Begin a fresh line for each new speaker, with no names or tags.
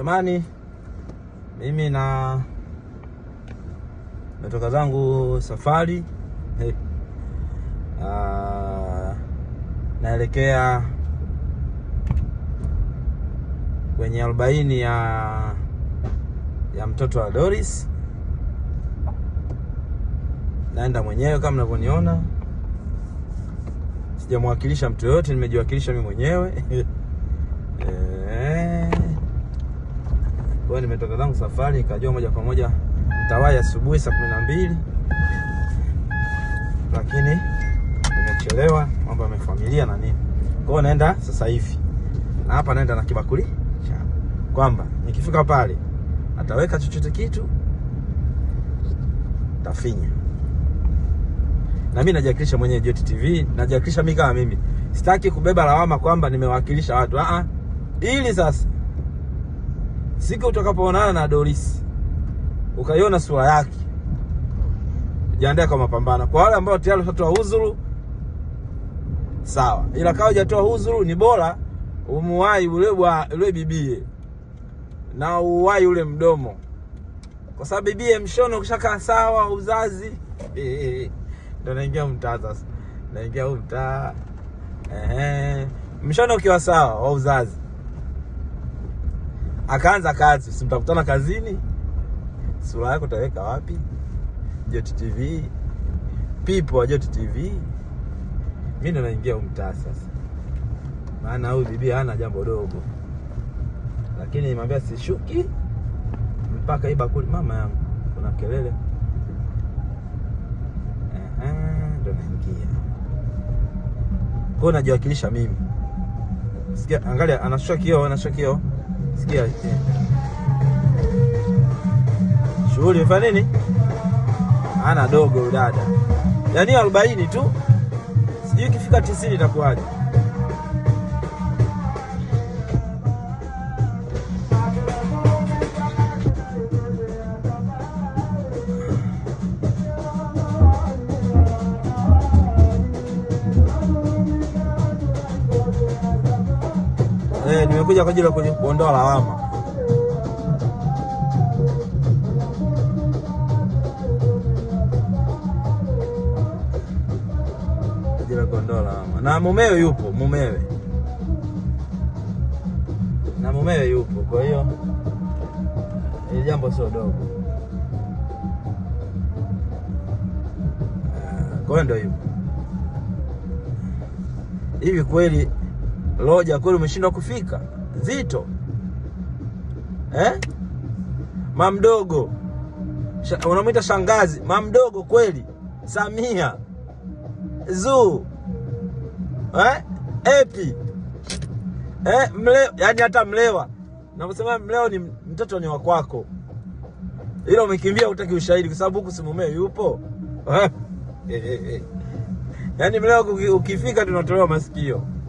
Jamani, mimi na natoka zangu safari hey. Ah, naelekea kwenye arobaini ya, ya mtoto wa Doris. Naenda mwenyewe kama mnavyoniona, sijamwakilisha mtu yoyote, nimejiwakilisha mimi mwenyewe Kwa hiyo nimetoka zangu safari nikajua moja kwa moja nitawahi asubuhi saa kumi na mbili, lakini nimechelewa, mambo ya familia na nini. Kwa hiyo naenda sasa hivi, na hapa naenda na kibakuli cha kwamba nikifika pale ataweka chochote kitu tafinya na mimi najiwakilisha mwenyewe Joti TV, najiwakilisha mimi kama mimi, sitaki kubeba lawama kwamba nimewakilisha watu. Ah, hili ah. sasa siku utakapoonana na Dorisi ukaiona sura yake, jiandae kwa mapambano. Kwa wale ambao tayari watoa uzuru sawa, ila kama hujatoa uzuru ni bora umuwai ule bibie na uwai ule mdomo, kwa sababu bibie mshono ukishakaa sawa uzazi ndo naingia mtaa sasa, naingia huu mtaa. Ehe, mshono ukiwa sawa wa uzazi akaanza kazi, si mtakutana kazini? Sura yako utaweka wapi? Joti TV pipo wa Joti TV, mi ndo naingia umtaa sasa, maana huyu bibi hana jambo dogo, lakini nimwambia sishuki mpaka hii bakuli. Mama yangu kuna kelele ndo naingia kwao, najiwakilisha mimi. Sikia, angalia, anashusha kioo, anashusha kioo Sikia. Shughuli mfanya nini? Ana dogo dada. Yaani 40 tu. Sijui kifika 90 itakuwaje? Eh, nimekuja kwa ajili ya kuondoa lawama. kuondoa lawama. Na mumewe yupo, mumewe. Na mumewe yupo, kwa hiyo hili jambo sio dogo. Eh, kwa hiyo ndio hivyo. Hivi kweli Loja kweli umeshindwa kufika Zito eh? Mamdogo unamwita shangazi, mamdogo kweli. Samia zuu eh? Epi eh? Mle, yani hata mlewa nakusema mleo ni mtoto ni wa kwako, ila umekimbia utaki ushahidi kwa sababu huku si yupo eh, eh, eh. eh. Yani mleo ukifika tunatolewa masikio.